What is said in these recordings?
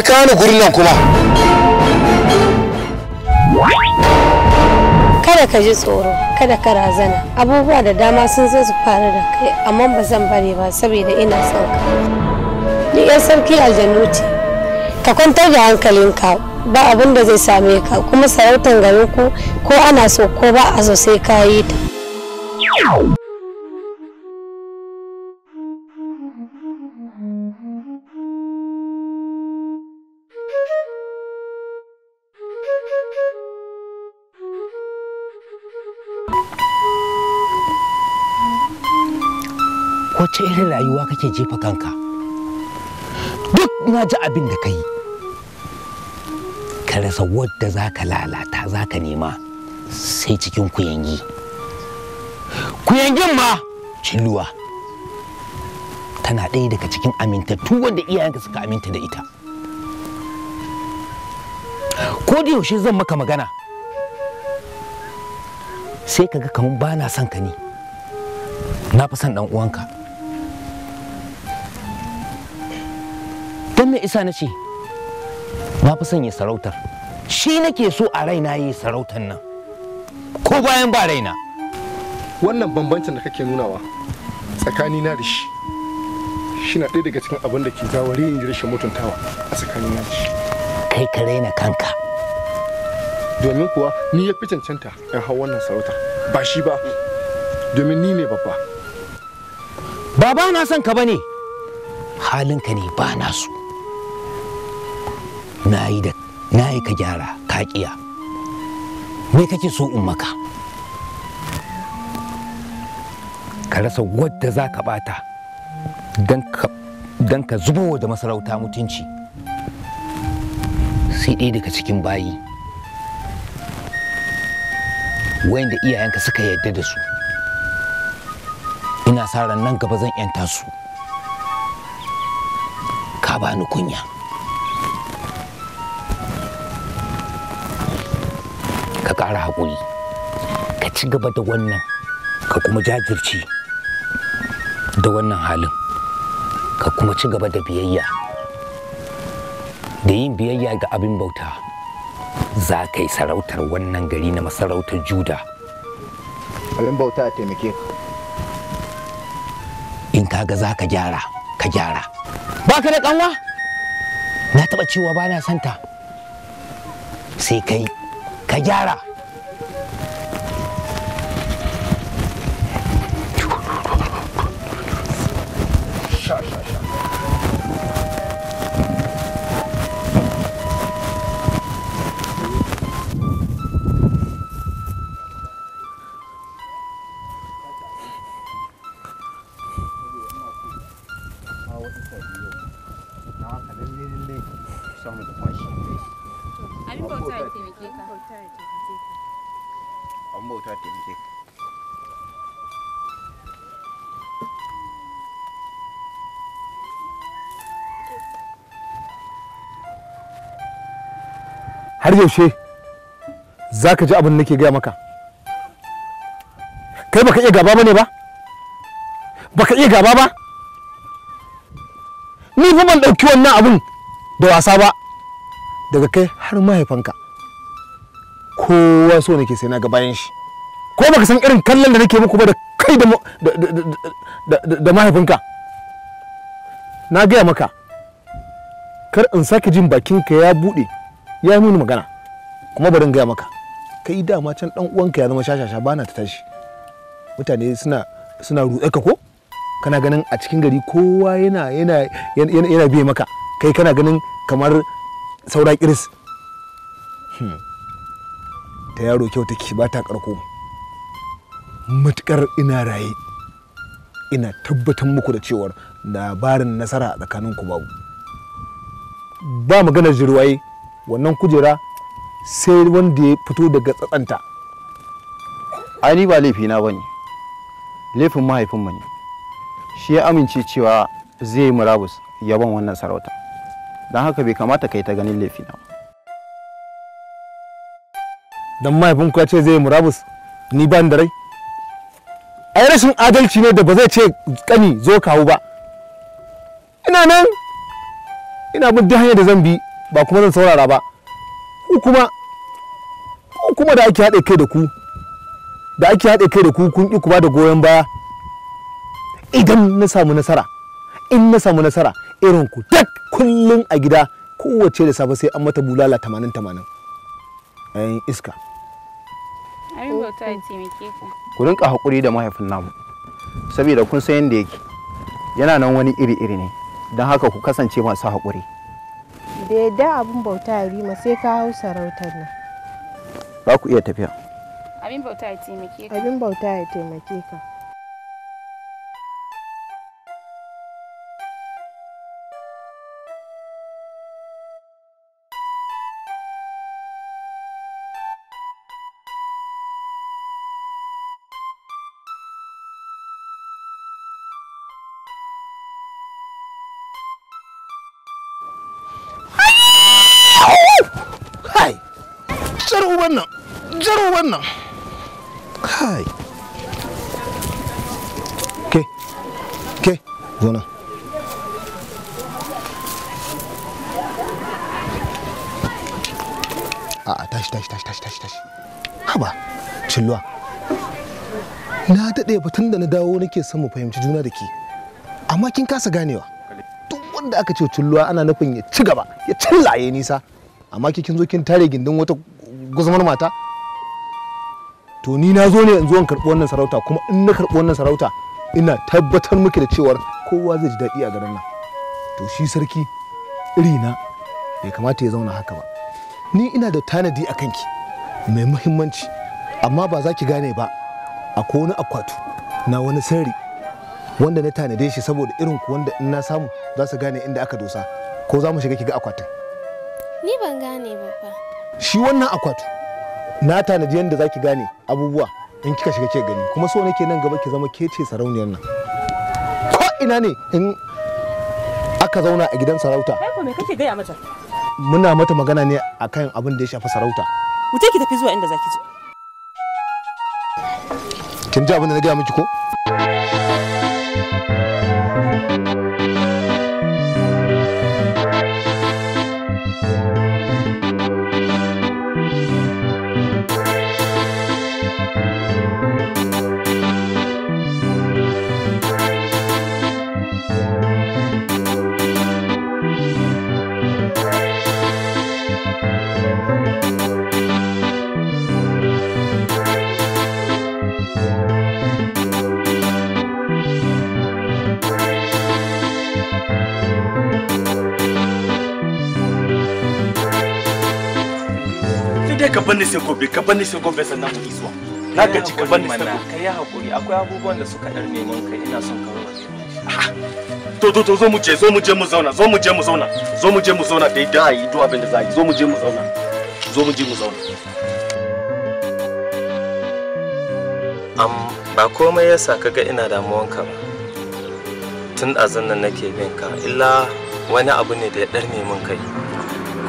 me ka nan kuma kada ka ji tsoro kada ka razana abubuwa da dama sun zo su faru da kai amma ba zan bari ba saboda ina son ka ni yan sarki aljannu ce ka kwantar da hankalinka ba abin da zai same ka kuma sarautar garin ku ko ana so ko ba a so sai ka yi ta wacce irin rayuwa kake jefa kanka duk na ji abin da ka yi ka rasa wadda za ka lalata za ka nema sai cikin kuyangi kuyangin ma cilluwa tana ɗaya daga cikin amintattu wanda iyayenka suka aminta da ita ko da yaushe zan maka magana sai ka ga kamar ba na son ka ne na fi son uwanka. don me isa na ce na fi son ya sarautar shi nake so a raina yi sarautar nan ko bayan ba raina wannan bambancin da kake nunawa tsakanina da shi shi na ɗaya daga cikin abin da ke jawo yin rashin mutuntawa a tsakanina na shi kai ka raina kanka domin kuwa ni ya fi cancanta in hau wannan sarauta ba shi ba domin ni ne babba baba na son ka bane halinka ne ba na so na yi da na yi ka gyara ka kiya me kake so in maka ka rasa wadda za ka bata don ka zubo da masarauta mutunci sai ɗaya daga cikin bayi wayanda iyayenka suka yarda da su ina sa ran nan gaba zan 'yanta su ka bani kunya ƙara haƙuri ka ci gaba da wannan ka kuma jajirce da wannan halin ka kuma ci gaba da biyayya da yin biyayya ga abin bauta za ka yi sarautar wannan gari na masarautar juda abin bauta a taimake ka in kaga za ka gyara ka gyara ba ka da kanwa na taba cewa ba na santa sai kai ka gyara har yaushe za ka ji abin nake gaya maka kai baka iya gaba bane ba baka iya gaba ba ni fa ban ɗauki wannan abin da wasa ba daga kai har mahaifanka kowa so nake sai na ga bayan shi ko baka san irin kallon da nake muku ba da kai da mahaifinka na gaya maka kar in sake jin bakinka ya buɗe ya yi muni magana kuma bari gaya maka kai dama can dan uwanka ya zama shashasha bana ta tashi mutane suna suna rutse ka ko kana ganin a cikin gari kowa yana yana yana biye maka kai kana ganin kamar saura kiris hmm. ta yaro kyau take ba ta karko matukar ina raye ina tabbatar muku da cewar labarin nasara a tsakaninku babu ba maganar jirwaye wannan kujera sai wanda ya fito daga tsatsanta ai ni ba laifina ba ne laifin mahaifinmu ne shi ya amince cewa zai yi murabus yaban wannan sarauta don haka bai kamata kai ta ganin laifi na. don mahaifinku ya ce zai yi murabus ni ban da rai ai rashin adalci ne da ba zai ce kani zo kawo ba ina nan ina bin duk hanyar da zan bi ba kuma zan saurara ba ku kuma ku kuma da ake haɗe kai da ku da ake haɗe kai da ku kun ƙi kuma da goyon baya idan na samu nasara in na samu nasara irin ku duk kullum a gida kowace da safe sai an mata bulala tamanin tamanin ayin iska ku rinka haƙuri da mahaifin namu saboda kun san yadda yake yana nan wani iri iri ne don haka ku kasance masu haƙuri da yadda abin bauta ya rima sai ka hau sarautar nan ba ku iya tafiya abin bauta ya taimake ka abin bauta ya taimake ka wannan jaro wannan kai ke ke zona a a tashi tashi tashi tashi tashi tashi haba cilluwa na daɗe batun da na dawo nake son mu fahimci juna da ke amma kin kasa ganewa duk wanda aka ce cilluwa ana nufin ya ci gaba ya cilla ya nisa amma kin zo kin tare gindin wata guzumar mata to ni na zo ne in zo karɓi wannan sarauta kuma in na karɓi wannan sarauta ina tabbatar miki da cewar kowa zai ji daɗi a garin nan to shi sarki iri na bai kamata ya zauna haka ba ni ina da tanadi a kanki mai muhimmanci amma ba za ki gane ba akwai wani akwatu na wani sarri wanda na tanade shi saboda irin ku wanda in na samu za su gane inda aka dosa ko za mu shiga ki ga akwatin ni ban gane ba shi wannan akwatu na tanadi yadda za ki gane abubuwa in kika shiga ke gani kuma so nake nan gaba ki zama ke ce sarauniyar nan ko ina ne in aka zauna a gidan sarauta muna mata magana ne akan abin da ya shafi sarauta wuce ki tafi zuwa inda zaki je kin ji abin da na gaya miki ko ka bani sai gobe sannan mu izuwa na gaji ka bani sai ka yi hakuri akwai abubuwan da suka darme mun kai ina son ka rawa to to to zo mu je zo mu je mu zauna zo mu je mu zauna zo mu je mu zauna da idan ayi duk abin da za a yi zo mu je mu zauna zo mu je mu zauna am ba komai yasa kaga ina damuwanka ba tun azan nan nake bin ka illa wani abu ne da ya darme mun kai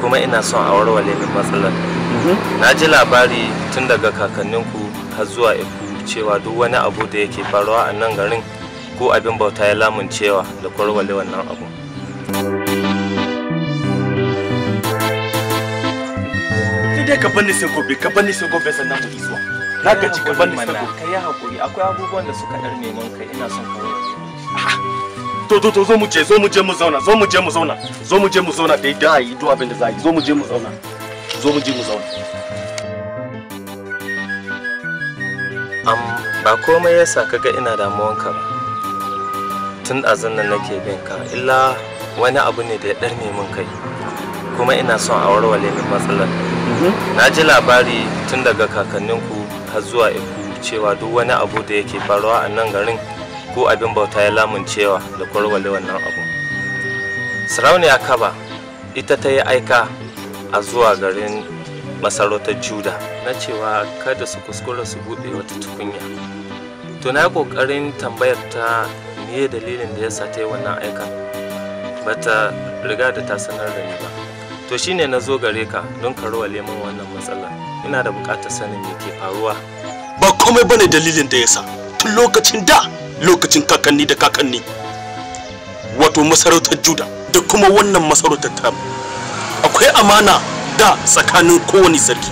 kuma ina son a warware min matsalar Mhm. na ji labari tun daga kakanninku har zuwa iku cewa duk wani abu da yake faruwa a nan garin ko abin bauta ya lamuncewa da kwarwale wannan abu dai ka bani sai gobe ka bani sai gobe sannan mu zuwa na gaji ka bani sai gobe kai hakuri akwai abubuwan da suka dar neman kai ina son ka to to to zo mu je zo mu je mu zauna zo mu je mu zauna zo mu je mu zauna dai da yi duk abin da za yi zo mu je mu zauna zo mu je mu zauna ba komai yasa kaga ina damuwanka ba tun azan nan nake bin ka illa wani abu ne da ya darne min kai kuma ina son a warware min matsalar mhm. na ji labari tun daga kakanninku har zuwa iku cewa duk wani abu da yake faruwa a nan garin ko abin bauta ya lamuncewa da kwarwale wannan abu sarauniya kaba ita ta yi aika a zuwa garin masarautar juda na cewa kada su kuskura su buɗe wata tukunya to na ƙoƙarin tambayar ta dalilin da ya sa ta yi wannan aikan bata riga da ta sanar da ni ba to shine na zo gare ka don ka rawa leman wannan matsala ina da buƙatar sanin me ke faruwa ba komai bane dalilin da ya sa tun lokacin da lokacin kakanni da kakanni wato masarautar juda da kuma wannan masarautar tamu akwai amana da tsakanin koWani sarki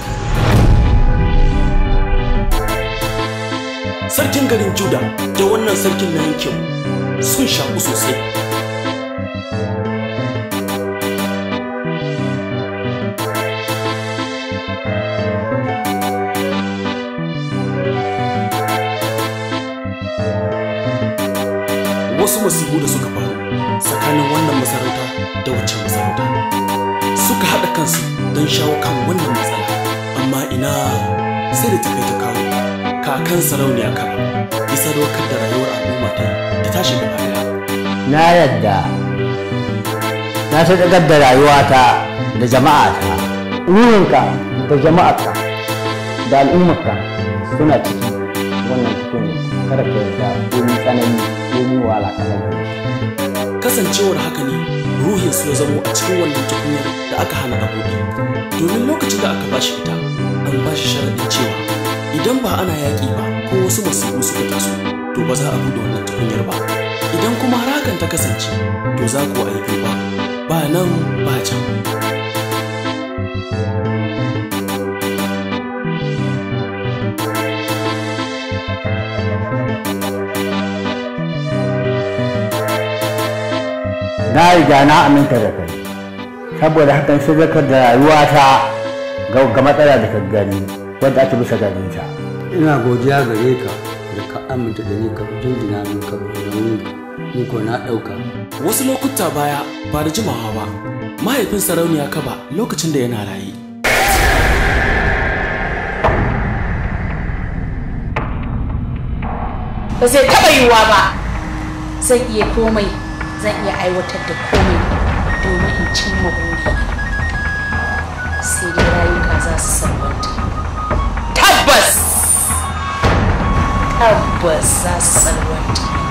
sarkin garin juda da wannan sarkin na yankin sun shaku sosai wasu masu da suka faru tsakanin wannan masarauta da wancan masarauta suka haɗa kansu don shawo kan wannan matsala amma ina sai da tafi ta kawo kakan sarauniya ka ya sadaukar da rayuwar al'umma ta ta tashi da baya na yadda na sadaukar da rayuwata da jama'ata ruhinka da jama'arka da al'ummarka suna ciki wannan cikin kada ka yarda domin tsanani domin wahala kasancewar haka ne ruhin su ya zamo a cikin wannan tukunyar da aka hana a buɗe domin lokacin da aka bashi ita an bashi sharaɗin cewa idan ba ana yaƙi ba ko wasu masifu suka taso to ba za a buɗe wannan tukunyar ba idan kuma harakan ta kasance to za ku a yi ba ba nan ba can na riga na aminta da kai saboda hakan sun zakar da rayuwata ga matsala da gani wadda ake bisa garin ta ina godiya gare ka da ka aminta da ni ka jinjina min ka da ni ko na ɗauka wasu lokuta baya ba da jimawa ba mahaifin sarauniya ka ba lokacin da yana rayu ba zai taɓa yiwuwa ba zan iya komai zan iya aiwatar da komai domin in cimma burina sai dai rayuka za su salwanta tabbas tabbas za su salwanta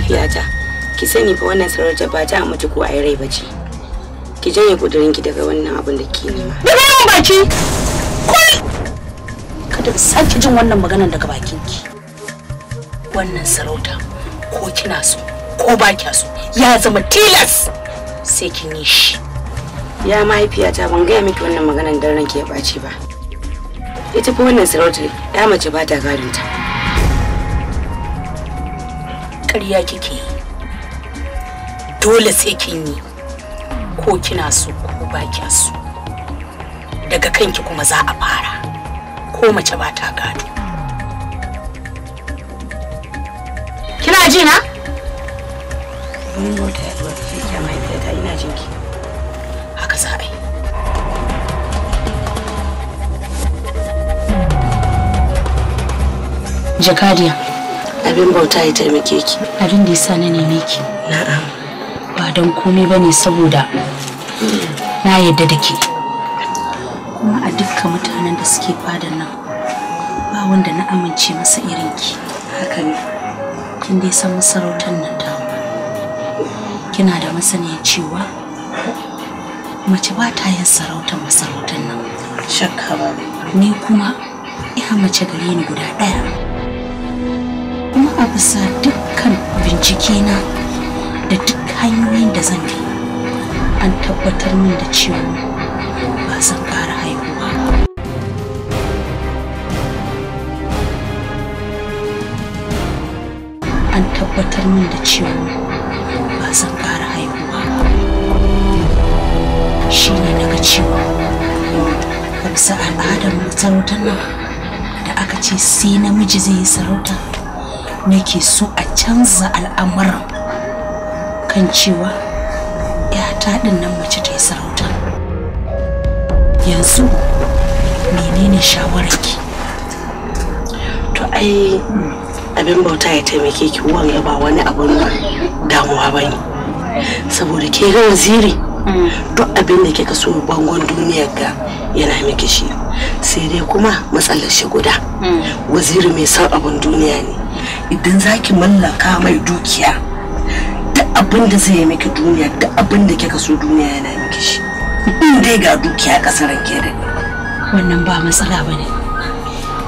mahaifiyata ki sani fa wannan sarauta ba ta mutu ko ai rai bace ki janye kudurin ki daga wannan abin da ke nema daga yawan baki kada sake jin wannan maganar daga bakin ki wannan sarauta ko kina so ko ba kya so ya zama tilas sai kin yi shi ya mahaifiyata ban gaya miki wannan maganar dan ranki ya ɓaci ba ita fa wannan sarautar ya mace ba ta garinta ta ƙarya kike yi dole sai kin yi ko kina so ko ba so daga kanki kuma za a fara ko mace ba ta gado kina ji na haka za a yi jakadiya abin bauta ya taimake ki abin da yasa na neme ki na'am ba don komai bane saboda na yadda da ke kuma a dukka mutanen da suke fadan nan ba wanda na amince masa irin ki haka ne kin dai san masarautar nan ta kina da masaniya cewa mace ba ta yin sarautar masarautar nan shakka ba ni kuma ina mace gare ni guda ɗaya sa dukkan bincike na da duk hanyoyin da zan bi an tabbatar min da cewa ba zan ƙara haihuwa an tabbatar min da cewa ba zan ƙara haihuwa shi ne daga cewa a bisa al'adar masarautar nan da aka ce sai namiji zai yi sarauta nake so a canza al'amuran kan cewa ta din nan mace ta yi sarauta yanzu menene shawararki to ai abin bauta ya taimake ki ya ba wani abun damuwa ba ne saboda ke ga waziri duk abin da kika so bangon duniyar ga yana miki shi sai dai kuma matsalar shi guda mm. waziri mai san abin duniya ne idan zaki mallaka mai dukiya duk abin da zai miki duniya duk abin da kika so duniya yana miki shi in dai ga dukiya kasar ke da wannan ba matsala bane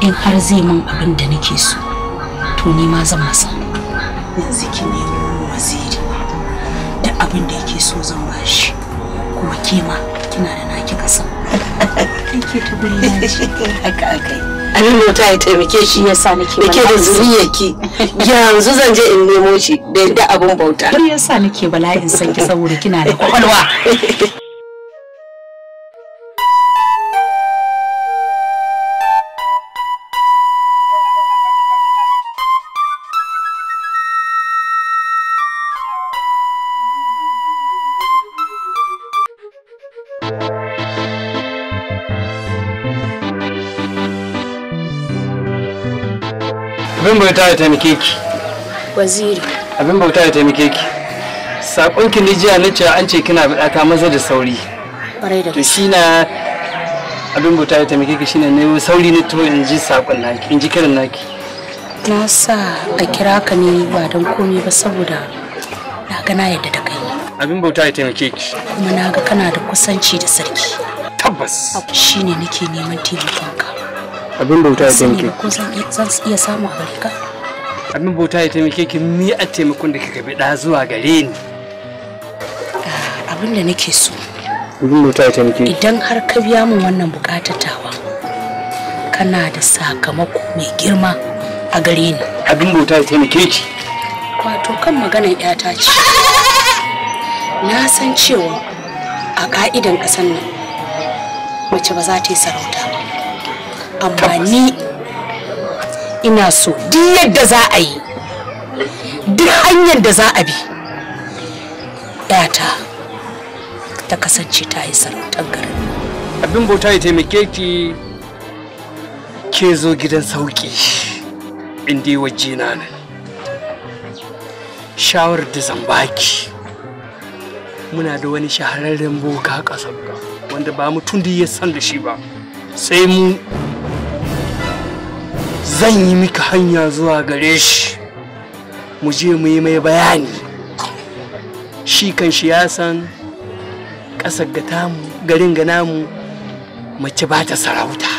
in har zai min abin da nake so to ni ma zan masa yanzu ki mu waziri duk abin da yake so zan ba shi kuma kima kina da naki kasa ta haka akai ali ta ya taimake shi yasa nake nake da yanzu zan je in nemo shi da yadda abun bauta har yasa nake bala'in sanki saboda kina da kwakwalwa abin bauta ya taimake ki waziri abin bauta ya taimake ki sakon ki ni jiya nace an ce kina bidata maza da sauri ƙwarai da to shine abin bauta ya taimake ki shine ne sauri ne to in ji sakon naki in ji kiran naki na sa a kira ka ne ba don komai ba saboda na ga na yadda da kai abin bauta ya taimake ki kuma na ga kana da kusanci da sarki tabbas shine nake neman taimakon ka abin bauta ya taimake ko zan iya samu a gare ka abin bauta ya taimake ki ni a taimakon da kika bi da zuwa gare ni ah, abin da nake so abin bauta ya taimake idan har ka biya min wannan bukatar tawa kana da sakamako mai girma a gare ni abin bauta ya taimake ki wato kan maganar yata ce na san cewa a ka'idan ƙasar nan mace ba za ta yi sarauta amma ni ina so duk yadda za a yi duk hanyar da za a bi yata ta kasance ta yi sarautar garin abin bauta ya taimake ki ke zo gidan sauki inda waje na nan shawar da zambaki muna da wani shahararren boka ƙasar wanda ba mutum da ya san da shi ba sai mu zan yi miki hanya zuwa gare shi mu je mu yi mai bayani shi kan shi ya san ƙasar ga tamu garin ga namu mace ba ta sarauta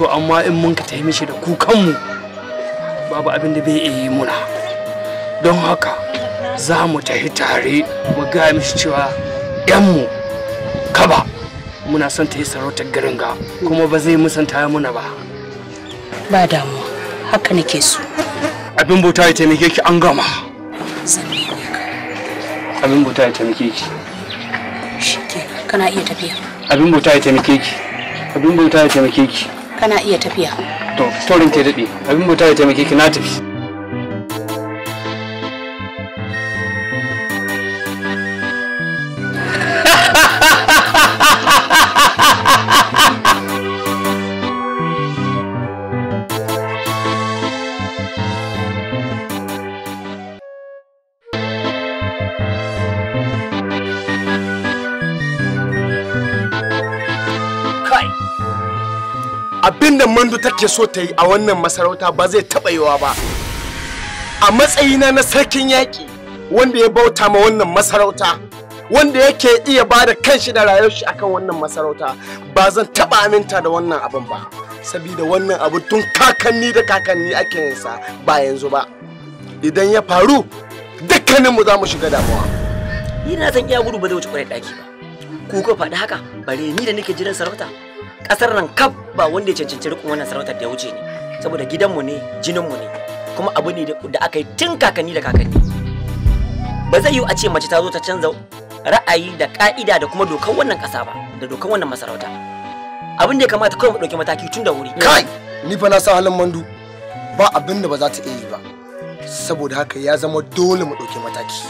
to amma in mun ka ta mishi da kukanmu babu abin da bai yi muna don haka za mu tafi tare mu ga mishi cewa yanmu kaba muna son ta yi sarautar garin ga kuma ba zai musanta muna ba ba damuwa haka nake so abin bauta ya taimake ki an gama abin bauta ya taimake ki shikenan kana iya tafiya abin bauta ya taimake ki abin bauta ya taimake ki kana iya tafiya to torin ke dade abin bauta ya taimake ki na tafi Abin da mandu take so ta yi a wannan masarauta ba zai taɓa yiwa ba a matsayina na sarkin yaƙi wanda ya bauta ma wannan masarauta wanda yake iya ba da kanshi da rayuwar akan wannan masarauta ba zan taɓa aminta da wannan abin ba sabida wannan abu tun kakanni da kakanni ake yin ba yanzu ba idan ya faru dukkaninmu za mu shiga damuwa ni na san iya gudu ba zai wuce kwarai daki ba ku ko faɗi haka bare ni da nake jiran sarauta kasar nan kaf ba wanda ya cancanci rikon wannan sarautar da ya wuce ne saboda gidanmu ne jininmu ne kuma abu ne da aka yi tun kakanni da kakanni ba zai yiwu a ce mace ta zo ta canza ra'ayi da ka'ida da kuma dokar wannan kasa ba da dokar wannan masarauta abin da ya kamata kawai mu ɗauki mataki tun da wuri kai ni fa na san halin mandu ba abin da ba za ta iya yi ba saboda haka ya zama dole mu ɗauki mataki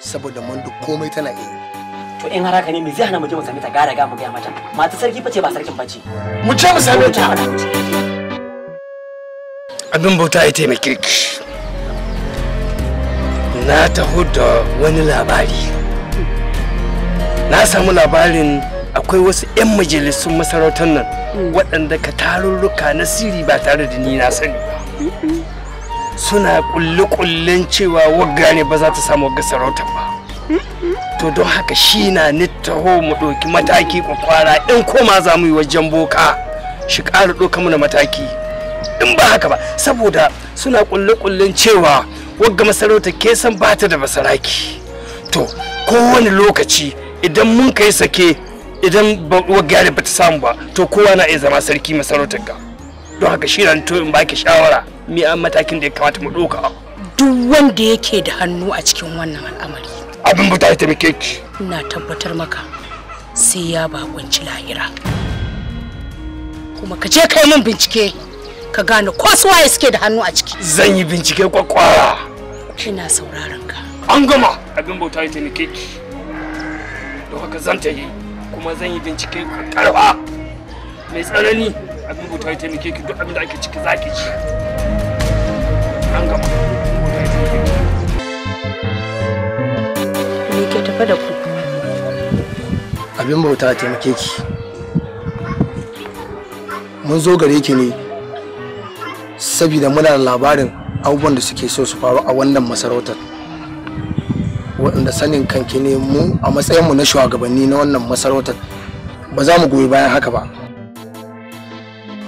saboda mandu komai tana iya yi to in har haka ne me zai hana mu je mu same ta gara ga mu ga mata mata sarki ce ba sarkin ce. mu je mu same ta abin bauta ya mai kirki na ta da wani labari na samu labarin akwai wasu 'yan majalisun masarautar nan waɗanda ka tarurruka na siri ba tare da ni na sani suna kulle-kullen cewa wagga ne ba za ta samu wagga sarautar ba to don haka shi na taho mu ɗauki mataki kwakwara in koma za mu yi wajen boka shi ƙara ɗauka mana mataki in ba haka ba saboda suna ƙulle-ƙullen cewa wagga masarauta ke san ba ta da basaraki to kowane lokaci idan mun kai sake idan wagga da bata samu ba to kowa na iya zama sarki masarautar ga don haka shi na to in ba baki shawara mi an matakin da ya kamata mu ɗauka duk wanda yake da hannu a cikin wannan al'amari abin ba ta taimake ki ina tabbatar maka sai ya bakunci lahira kuma ka je kai min bincike ka gane ko waye suke da hannu a ciki zan yi bincike kwakwara ina sauraron ka an gama abin bauta ya taimake ki Don haka zan ta yi kuma zan yi bincike karba mai tsanani abin bauta ya taimake ki duk abin da ake ciki zaki ci an gama gaba da ku abin bauta a taimake ki mun zo gare ki ne saboda muna da labarin abubuwan da suke so su faru a wannan masarautar waɗanda sanin kanki ne mu a matsayinmu na shugabanni na wannan masarautar ba za mu goyi bayan haka ba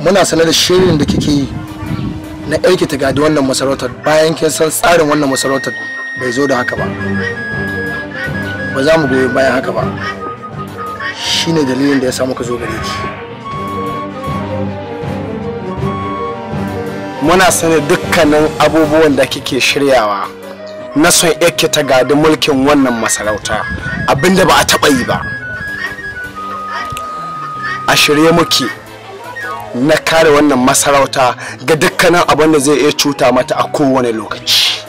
muna sanar da shirin da kike yi na ta gadi wannan masarautar bayan kin san tsarin wannan masarautar bai zo da haka ba ba za mu goyi bayan haka ba shine dalilin da ya sa muka zo gare ki muna sanin dukkanin abubuwan da kike shiryawa na son yake ta gadi mulkin wannan masarauta abinda ba a taɓa yi ba a shirye muke na kare wannan masarauta ga dukkanin abin da zai iya cuta mata a kowane lokaci